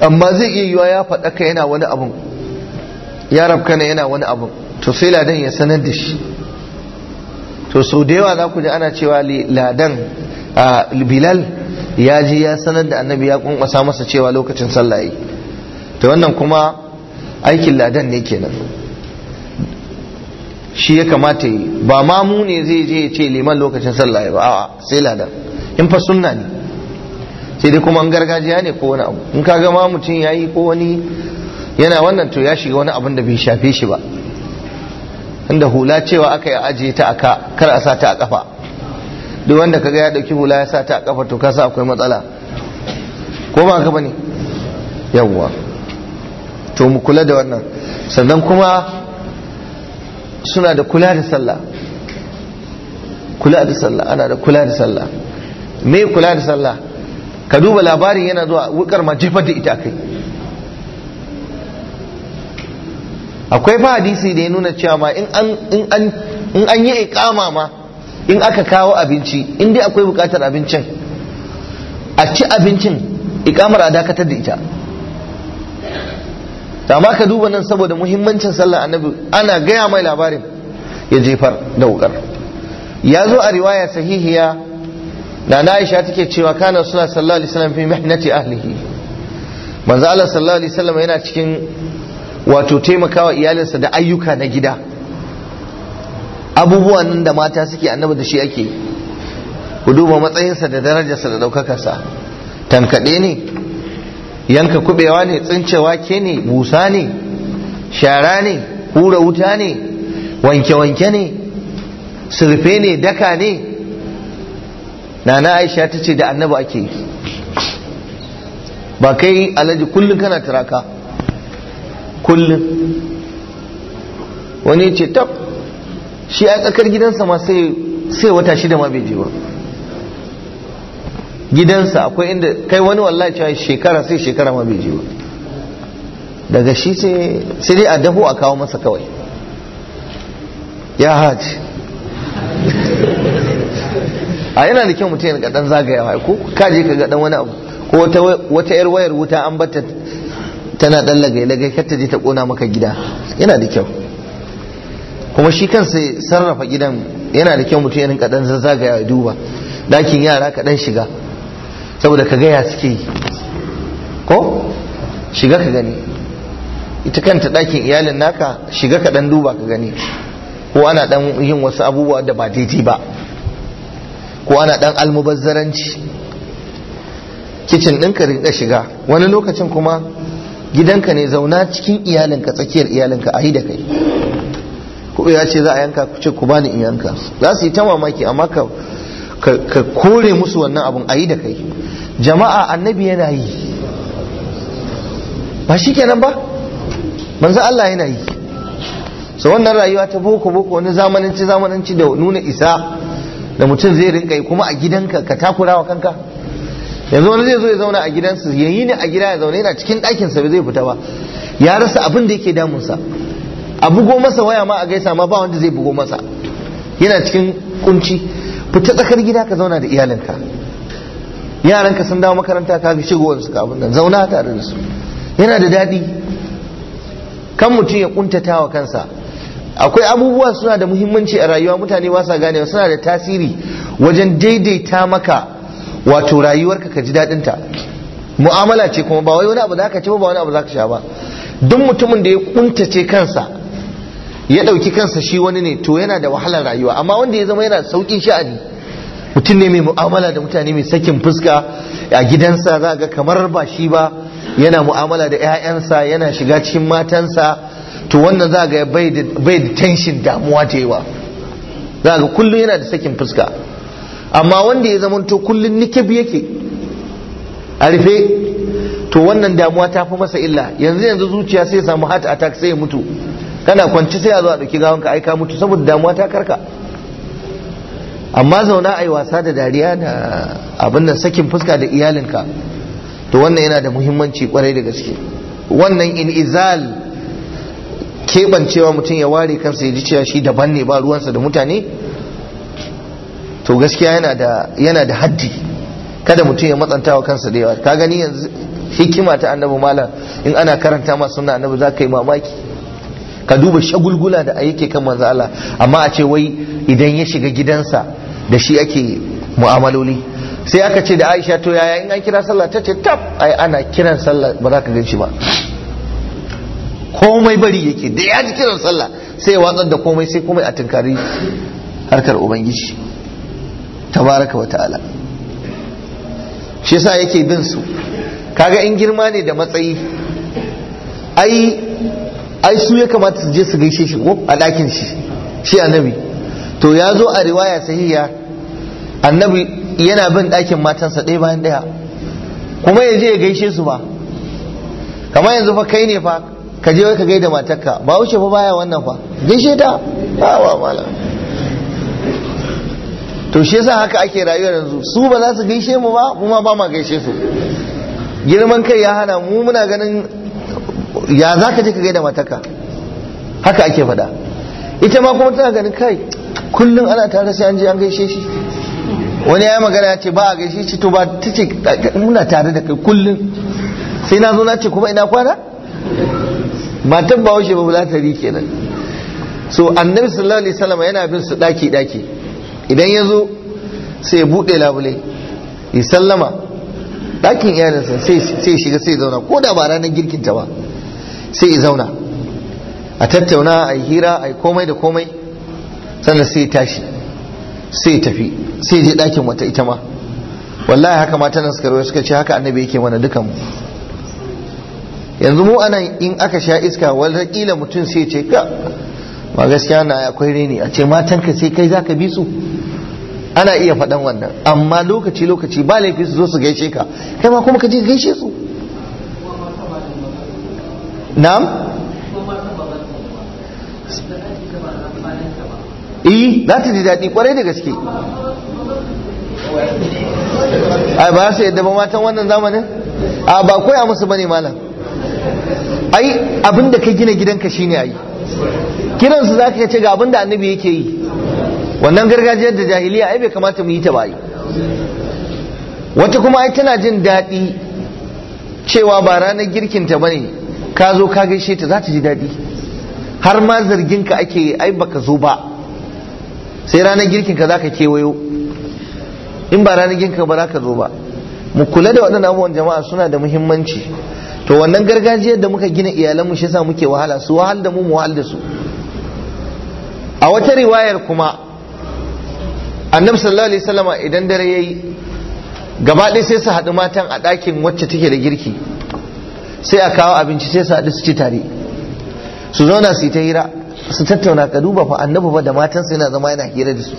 amma zai iya yiwa ya faɗaka yana wani abin ya rabkana yana wani abin to sai ladan ya sanar da shi to sau da yawa za ku ji ana cewa ladan bilal ya ji ya sanar da annabi ya kunkwasa masa cewa lokacin sallah yi wannan kuma aikin ladan ne kenan shi ya kamata yi ba ma ne zai je ya ce liman lokacin sallah ya ba a'a sai ladan in fa sunna ne sai dai kuma an gargajiya ne ko wani abu in ka ga ma mutum yayi ko wani yana wannan to ya shiga wani abin da bai shafe shi ba inda hula cewa aka yi ajiye ta aka kar a sa ta a kafa duk wanda kaga ya dauki hula ya sa ta a kafa to ka sa akwai matsala ko ba ka bane yawwa to mu kula da wannan sannan kuma suna da kula da sallah kula da sallah ana da kula da sallah me kula da sallah ka duba labarin yana zuwa wukar ma jefar da ita kai akwai fa hadisi da ya nuna cewa ma in an yi ikama ma in aka kawo abinci in dai akwai bukatar abincin a ci abincin ikamar a dakatar da ita da ma ka duba nan saboda muhimmancin sallar annabi ana gaya mai labarin ya jefar da wukar ya zo a riwaya sahihiya na na'isha aisha take cewa kana suna sallallahu alaihi wasallam fi mihnati ahlihi manzo Allah sallallahu alaihi wasallam yana cikin wato taimakawa iyalinsa da ayyuka na gida abubuwan nan da mata suke annabi da shi ake ku duba matsayinsa da darajarsa da daukakarsa tankaɗe ne yanka kubewa ne tsincewa ke ne busa ne shara ne hura wuta ne wanke-wanke ne surfe ne daka ne nana aisha ta ce da annabi ake ba kai alhaji kullum kana turaka kullum wani ce tab shi a tsakar gidansa ma sai wata shida ma bai je ba gidansa akwai inda kai wani wallahi cewa shekara sai shekara ma bai je ba daga shi sai dai a dafo a kawo masa kawai ya haji a yana da kyau mutum ga dan wa ko ka je ka ga dan wani abu ko wata yar wayar wuta an bata tana dan lagai lagai kar ta je ta kona maka gida yana da kyau kuma shi kansa sarrafa gidan yana da kyau mutum ya dan zagaya ya duba dakin yara ka dan shiga saboda ka gaya suke yi ko shiga ka gani ita kanta ɗakin iyalin naka shiga ka ɗan duba ka gani ko ana ɗan yin wasu abubuwa da ba daidai ba ko ana ɗan almubazzaranci kicin ɗinka rinka shiga wani lokacin kuma gidanka ne zauna cikin iyalinka tsakiyar iyalinka a yi da kai kuɓe ya ce za a yanka ku ce ku bani in yanka za su yi ta mamaki amma ka ka kore musu wannan abun ayi da kai jama'a annabi yana yi ba shi kenan ba manzo Allah yana yi so wannan rayuwa ta boko boko wani zamananci zamananci da nuna isa da mutum zai rinka yi kuma a gidanka ka takura wa kanka yanzu wani zai zo ya zauna a gidansu ya yi ne a gida ya zauna yana cikin ɗakin sa zai fita ba ya rasa abin da yake damunsa a bugo masa waya ma a gaisa ma ba wanda zai bugo masa yana cikin kunci fita tsakar gida ka zauna da iyalinka yaranka sun dawo makaranta ka ga shigowar su abin nan zauna tare da su yana da daɗi kan mutum ya kuntata wa kansa akwai abubuwa suna da muhimmanci a rayuwa mutane ba sa ganewa suna da tasiri wajen daidaita maka wato rayuwarka ka ji daɗinta mu'amala ce kuma ba wai wani abu za ka ci ba wani abu za ka sha ba duk mutumin da ya kuntace kansa ya ɗauki kansa shi wani ne to yana da wahalar rayuwa amma wanda ya zama yana sauƙin sha'ani mutum ne mai mu'amala da mutane mai sakin fuska a gidansa za ga kamar ba shi ba yana mu'amala da 'ya'yansa yana shiga cikin matansa to wannan za ga bai da tension damuwa ta yawa za ga kullum yana da sakin fuska amma wanda ya zama to kullum nikabi yake a rufe to wannan damuwa ta fi masa illa yanzu yanzu zuciya sai ya samu heart attack sai ya mutu kana kwanci sai a zo a ɗauki gawanka ka aika mutu saboda damuwa ta karka amma zauna a yi wasa da dariya da abin da sakin fuska da iyalinka to wannan yana da muhimmanci kwarai da gaske wannan in izal keɓancewa mutum ya ware kansa ya ji cewa shi daban ne ba ruwansa da mutane to gaskiya yana da haddi kada mutum ya matsanta wa kansa da yawa ka gani yanzu hikima ta annabi malam in ana karanta masu suna annabi za ka yi mamaki ka duba shagulgula da yake kan manzo Allah amma a ce wai idan ya shiga gidansa da shi ake mu'amaloli sai aka ce da Aisha to yaya in an kira sallah ta ce tab ai ana kiran sallah ba za ka gan shi ba komai bari yake da ya ji kiran sallah sai ya watsar da komai sai komai a tunkari harkar ubangiji tabaraka wa ta'ala shi yasa yake bin su kaga in girma ne da matsayi ai ai su ya kamata su je su gaishe shi ko a ɗakin shi shi annabi to ya zo a riwaya sahiya annabi yana bin ɗakin matansa ɗaya bayan ɗaya kuma ya je ya gaishe su ba kamar yanzu fa kai ne fa ka je ka gaida matarka ba wuce fa baya wannan fa gaishe ta ba ba mala to shi yasa haka ake rayuwar yanzu su ba za su gaishe mu ba mu ma ba ma gaishe su girman kai ya hana mu muna ganin ya za ka je ka gaida mataka haka ake faɗa ita ma kuma tana ganin kai kullum ana tare sai an je an gaishe shi wani ya magana ya ce ba a gaishe shi to ba ta ce muna tare da kai kullum sai na zo na ce kuma ina kwana matan ba washe ba ri kenan so annabi sallallahu alaihi wasallam yana bin su daki daki idan ya zo sai ya bude labule ya sallama dakin iyalinsa sai shiga sai zauna ko da ba ranar girkinta ba sai ya zauna a tattauna a yi hira a yi komai da komai sannan sai ya tashi sai tafi sai je ɗakin wata ita ma wallahi haka mata nan suka suka ce haka annabi yake mana dukan mu yanzu mu anan in aka sha iska ƙila mutum sai ce ka ma gaskiya na akwai reni a ce matanka sai kai zaka bi su ana iya faɗan wannan amma lokaci lokaci ba laifi su zo su gaishe ka kai ma kuma ka je gaishe su na'am eh za ta ji daɗi kwarai da gaske ai ba su yadda ba matan wannan zamanin a ba koya musu bane malam ai abin da ka gina gidanka shine ayi. kiransu za ka ce ga abin da annabi yake yi wannan gargajiyar da jahiliya ai bai kamata mu yi ta ba wata kuma ai tana jin daɗi cewa ba ranar girkinta ba ne ka zo ka gaishe ta za ta ji daɗi har ma zargin ka ake yi ai baka zo ba sai ranar girkin ka ka kewayo in ba ranar girkin ba za ka zo ba mu kula da waɗannan abubuwan jama'a suna da muhimmanci to wannan gargajiyar da muka gina iyalanmu shi yasa muke wahala su wahal da mu mu wahal da su a wata riwayar kuma annabi sallallahu alaihi wasallama idan dare yayi gaba ɗaya sai su haɗu matan a ɗakin wacce take da girki sai a kawo abinci sai su haɗu su ci tare su zauna su yi ta hira su tattauna ka duba fa annabi fa da matan matansa yana zama yana hira da su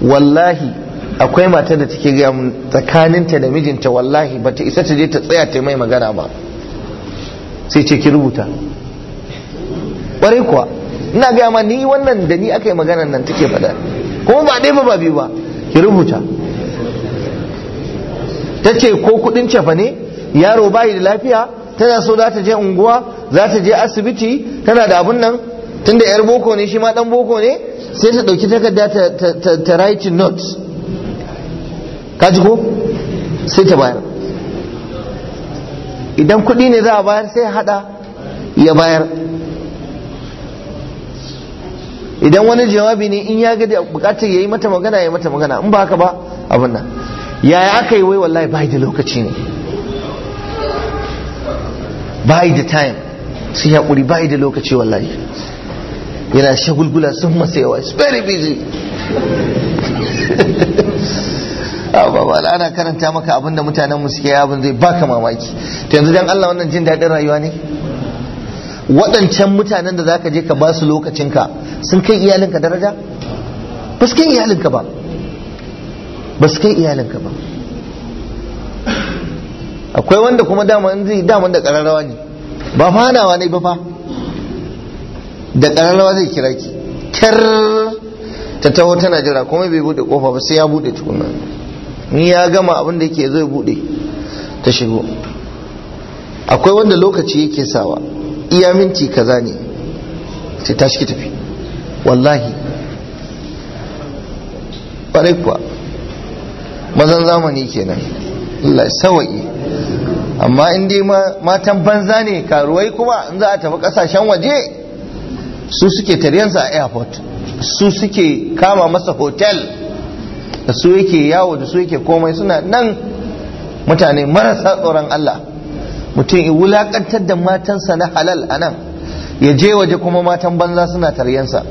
wallahi akwai matar da take tsakanin tsakaninta da mijinta wallahi ba ta isa ta je ta tsaya ta mai magana ba sai ce ki rubuta ƙwarai kuwa ina ga ma ni wannan da ni aka yi maganar nan take faɗa kuma ba ɗaya ba ba biyu ba ki rubuta ta ce ko kuɗin cefa ne yaro bayi da lafiya tana so za ta je unguwa za ta je asibiti tana da abun nan tunda yar boko ne shi ma dan boko ne sai ta dauki takarda ta ta writing notes ji ko sai ta bayar idan kuɗi ne za a bayar sai hada ya bayar idan wani jawabi ne in ya gada bukatar ya yi mata magana ya mata magana in ba haka ba abin nan yaya aka yi wai wallahi bai da lokaci ne bai da time sai hakuri bai da lokaci wallahi yana shagulgula sun masa yawa it's very busy ah, baba ana karanta maka abin da mutanen suke abin zai baka mamaki to yanzu dan Allah wannan jin daɗin rayuwa ne waɗancan mutanen da zaka je ka ba su lokacinka sun kai iyalinka daraja ba su kai iyalinka ba ba su kai iyalinka ba akwai wanda kuma daman zai daman da kararrawa ne ba fanawa ne ba fa da kararrawa zai kira ki kyar ta taho tana jira kuma bai bude kofa ba sai ya bude tukuna ni ya gama abin da yake zai bude ta shigo akwai wanda lokaci yake sawa iya minti kaza ne sai tashi ki tafi wallahi ƙwarai kuwa mazan zamani kenan Allah sawa'i amma in dai matan banza ne karuwai kuma in za a tafi kasashen waje su suke taryansa a airport su suke kama masa hotel da su yake yawo da su yake komai suna nan mutane marasa tsoron Allah mutum ya wulakantar da matansa na halal a nan ya je waje kuma matan banza suna taryansa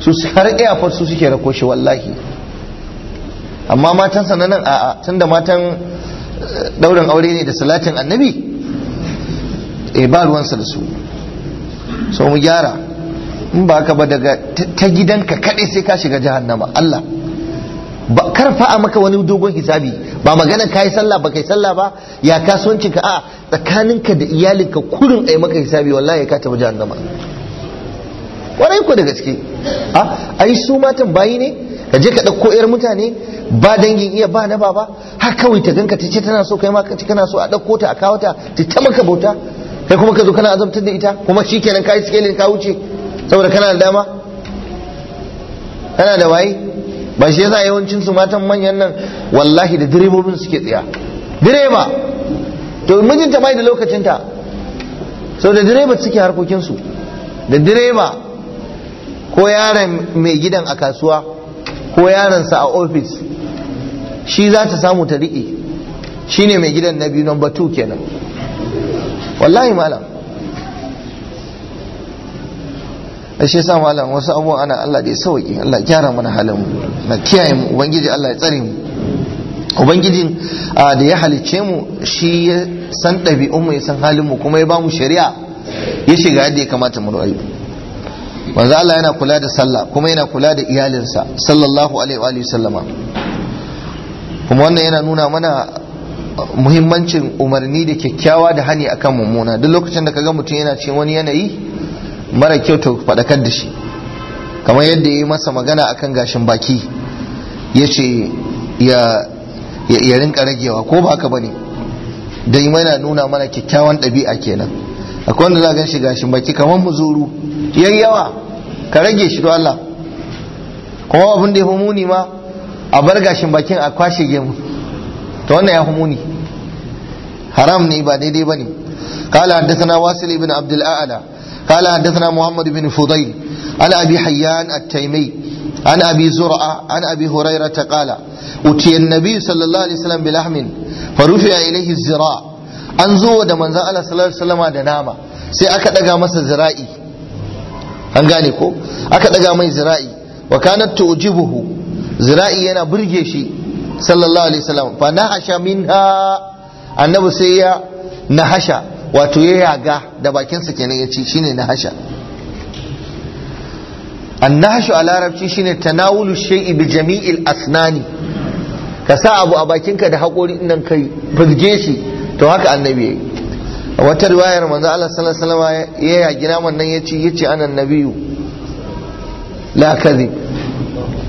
su har airport su suke rako shi wallahi amma matansa na nan a'a da matan daurin aure ne da salatin annabi eh ba ruwansa da su so mu gyara in ba ka ba daga ta gidanka kaɗai sai ka shiga jahannama Allah ba karfa a maka wani dogon hisabi ba magana ka yi sallah ba kai sallah ba ya kasuwancinka a tsakaninka da iyalinka kurin ai maka hisabi wallahi ka tafi jahannama warai ko da gaske a ah, ai su matan bayi ne ka je ka ɗauko 'yar mutane ba dangin iya ba na baba har kawai ta ganka ta tana so kai ma kana so a ɗauko ta a kawo ta ta ta maka bauta kai kuma ka zo kana azabtar da ita kuma shi kenan ka yi sikelin ka wuce saboda kana da dama kana da waye ba shi yasa yawancin su matan manyan nan wallahi da direbobin suke tsaya direba to mijinta bai da lokacinta sau da direba suke harkokinsu da direba ko yaron mai gidan a kasuwa ko yaransa a ofis shi za ta samu ta riƙe shi ne mai gidan na biyu number two kenan wallahi malam a shi sa malam wasu abubuwan ana Allah da ya sauƙi Allah gyara mana halin mu na kiyaye mu ubangiji Allah ya tsare mu ubangijin da ya halicce mu shi ya san ɗabi'un mu ya san halin mu kuma ya ba mu shari'a ya shiga yadda ya kamata mu rayu manzo Allah yana kula da sallah kuma yana kula da iyalinsa sallallahu alaihi wa sallama kuma wannan yana nuna mana muhimmancin umarni da kyakkyawa da hani akan mummuna duk lokacin da kaga mutum yana cikin wani yanayi mara kyau ta faɗakar da shi kamar yadda ya yi masa magana akan gashin baki ya ya rinka ragewa ko ba haka bane dai yana nuna mana kyakkyawan ɗabi'a kenan akwai wanda za a ganshi gashi baki kamar muzuru yayi yawa ka rage shi don Allah kuma abin da ya ma a bar gashin bakin a kwashe gemu to wannan ya haram ne ba daidai ba ne kala haddasa wasil ibn abdul a'ala kala haddasa muhammad ibn fudai an abi hayyan at-taimi an abi zur'a an abi ta kala utiyan nabi sallallahu alaihi wasallam bilahmin farufiya ilayhi zira an zo da manzan Allah sallallahu alaihi wasallama da nama sai aka daga masa zira'i an gane ko aka daga mai zira'i wa kanat tujibuhu zira'i yana burge shi sallallahu alaihi wasallam fa nahasha minha annabi sai ya nahasha wato ya yaga da bakinsa kenan ya ci shine nahasha annahashu a larabci shine tanawulu shay'i bi jami'il asnani ka sa abu a bakinka da haƙori nan kai burge shi to haka annabi a wata riwayar manzo Allah sallallahu alaihi wasallam ya yaki naman nan yace yace ana annabiyu la kadhi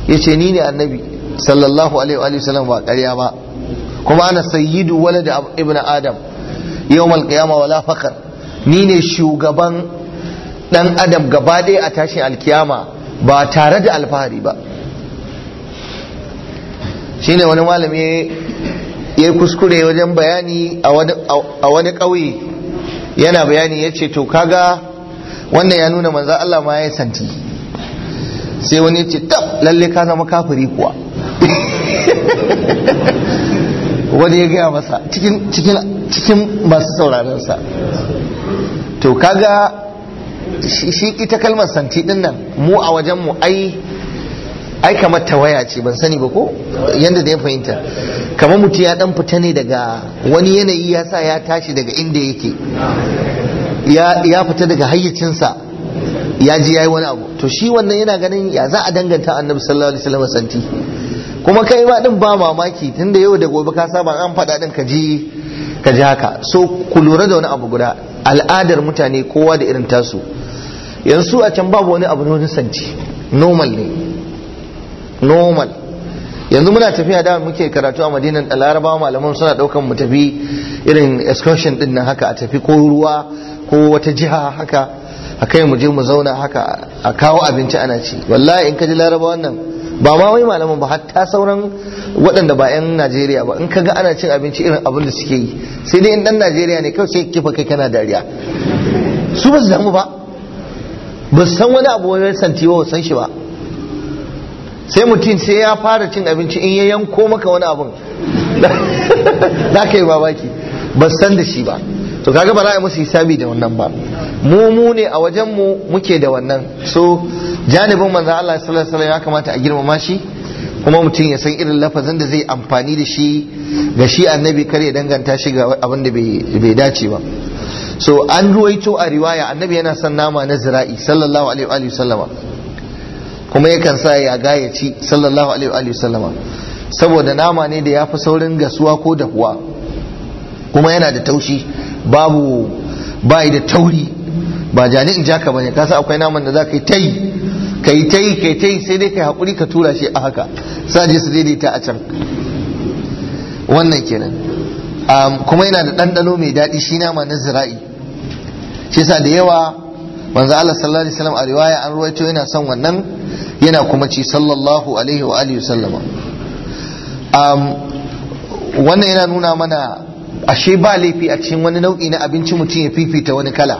yace ni ne annabi sallallahu alaihi wasallam ba ƙarya ba kuma ana sayyidu walad ibn adam yawmal qiyamah wala faqr ni ne shugaban dan adam gaba ɗaya a tashin alkiyama ba tare da alfahari ba shine wani malami ya kuskure wajen bayani a wani ƙauye yana bayani ya ce to kaga wannan ya nuna manzan Allah ma ya santi sai wani ya ce tab lalle ka zama kafiri kuwa wani ya gaya masa cikin masu sa. to kaga shi ita kalmar santi din mu a wajen mu ai ai kamar tawaya ce ban sani ba ko yadda da ya fahimta kamar mutum ya dan fita ne daga wani yanayi ya sa ya tashi daga inda yake ya fita daga hayyacinsa ya ji ya yi wani abu to shi wannan yana ganin ya za a danganta annabi sallallahu alaihi wasallam santi kuma kai ma din ba mamaki tunda yau da gobe ka saba an faɗa din ka ji ka ji haka so ku lura da wani abu guda al'adar mutane kowa da irin tasu yanzu a can babu wani abu ne santi normal ne normal yanzu muna tafiya da muke karatu a madinan da larabawa malaman suna daukan mu tafi irin excursion din nan haka a tafi ko ruwa ko wata jiha haka a kai mu je mu zauna haka a kawo abinci ana ci wallahi in ka ji larabawan nan ba ma wai malaman ba hatta sauran waɗanda ba 'yan najeriya ba in ka ga ana cin abinci irin abin da suke yi sai dai in dan najeriya ne kawai sai kifa kai kana dariya su ba su damu ba ba san wani abu wani santiwa ba san shi ba sai mutum sai ya fara cin abinci in ya yanko maka wani abun da ka yi babaki ba san da shi ba to kaga ba za a musu hisabi da wannan ba mu mu ne a wajen mu muke da wannan so janibin manzo Allah sallallahu alaihi wasallam ya kamata a girmama shi kuma mutum ya san irin lafazin da zai amfani da shi ga shi annabi kar ya danganta shi ga abin da bai dace ba so an ruwaito a riwaya annabi yana son nama na zira'i sallallahu alaihi wa kuma yakan sa ya gayaci sallallahu alaihi wa sallama saboda nama ne da ya fi saurin gasuwa ko dahuwa kuma yana da taushi babu bayi da tauri ba jani in jaka bane kasa akwai naman da za ka yi ta yi ka yi ta ka yi ta sai dai ka hakuri ka tura shi a haka sa je su daidaita a can wannan kenan kuma yana da ɗanɗano mai daɗi shi nama na zira'i shi sa da yawa manzo Allah sallallahu alaihi wasallam a riwaya an ruwaito yana son wannan yana kuma ci sallallahu alaihi wa alihi wasallama um, wannan yana nuna mana ashe ba laifi a cikin wani nau'i na abinci mutum ya fifita wani kala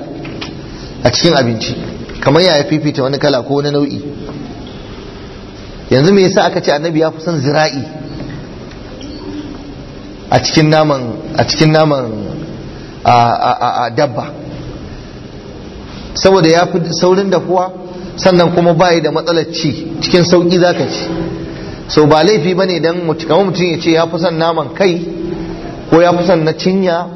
a cikin abinci kamar ya fifita wani kala ko wani nau'i yanzu me yasa aka ce annabi ya fi son zira'i a cikin naman a cikin naman a dabba saboda ya fi saurin kuwa sannan kuma bayi da matsalar ci cikin sauki zaka ci so ba laifi ba ne dan kamar mutum ya ce ya fi son naman kai ko ya fi son na cinya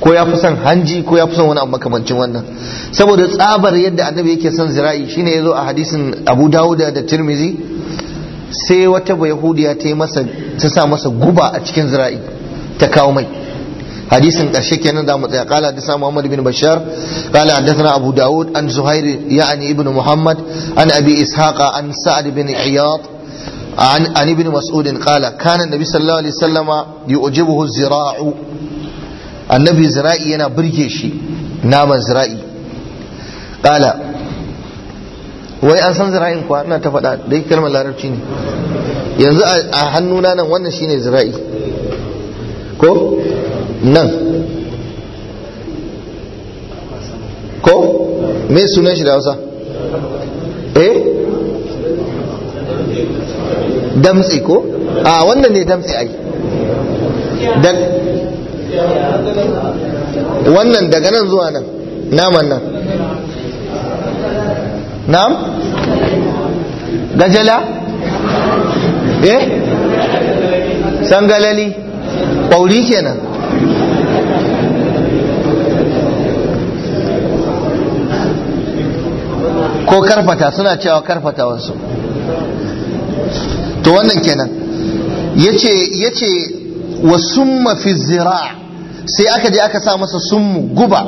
ko ya fi son hanji ko ya fi son wani abu makamancin wannan saboda tsabar yadda annabi yake son zira'i shine ya zo a hadisin Abu Dawuda da Tirmizi sai wata bayahudiya ta yi masa ta sa masa guba a cikin zira'i ta kawo mai hadisin ƙarshe kenan da mu tsaya qala hadisa muhammad bin bashar qala hadathana abu daud an zuhair ya'ni ibn muhammad an abi ishaqa an sa'd bin عن عن ابن مسعود قال كان النبي صلى الله عليه وسلم يعجبه الزراع النبي زراعي ينا برجيشي نام زراعي قال wai an san zira'in kuwa ina ta faɗa dai kalmar larabci ne yanzu a hannuna nan wannan shine zira'i ko nan ko me sunan shi da hausa eh damtsi ko a wannan ne damtsi ai wannan daga nan zuwa nan naman nan nam gajala eh sangalali ƙwauri kenan ko karfata suna cewa karfata wasu to wannan kenan yace ce wa summa fi zira sai aka je aka sa masa summu guba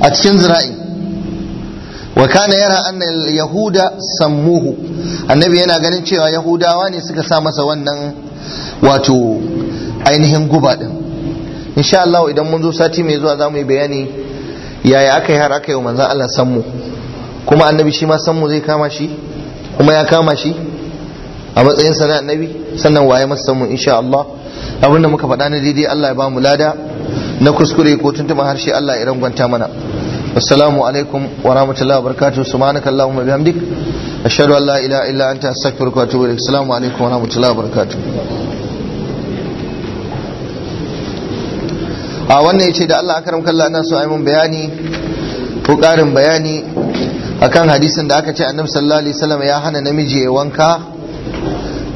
a cikin zira'i wa kana yara anna yahuda sammuhu annabi yana ganin cewa yahudawa ne suka sa masa wannan wato ainihin guba din insha Allah idan mun zo sati mai zuwa za mu yi bayani yaya aka yi har aka yi wa manzan Allah sammu kuma annabi shi ma sammu zai kama shi kuma ya kama shi a matsayin sana annabi sannan waye masa sammu insha Allah abinda muka faɗa na daidai Allah ya ba mu lada na kuskure ko tuntuma harshe Allah ya rangwanta mana assalamu alaikum wa rahmatullahi wa barakatuh subhanaka allahumma bihamdik ashhadu an la ilaha illa anta astaghfiruka wa atubu ilaik assalamu alaikum wa rahmatullahi wa barakatuh a wannan ya ce da Allah akaram kalla ana so a bayani ko ƙarin bayani akan hadisin da aka ce annabi sallallahu alaihi wasallam ya hana namiji ya wanka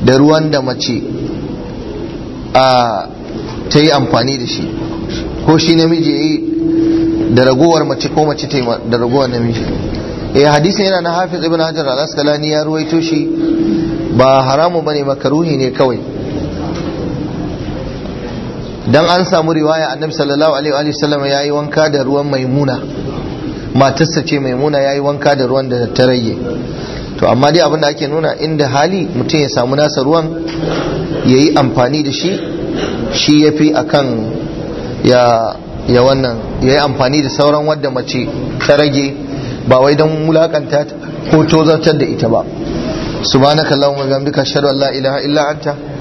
da ruwan da mace a ta yi amfani da shi ko shi namiji ya yi da ragowar mace ko mace ta yi da ragowar namiji eh hadisin yana na hafiz ibn hajar al-asqalani ya ruwaito shi ba haramu bane makaruhi ne kawai dan an samu riwaya annabi sallallahu alaihi wa sallam yayi wanka da ruwan maimuna matarsa ce maimuna yayi wanka da ruwan da ta rage to amma dai abin da ake nuna inda hali mutum ya samu nasa ruwan ya yi amfani da shi shi ya fi ya ya wannan ya amfani da sauran wadda mace ta rage ba wai dan mulakanta ko tozartar da ita ba subhanaka allahumma wa bihamdika ashhadu an la ilaha illa anta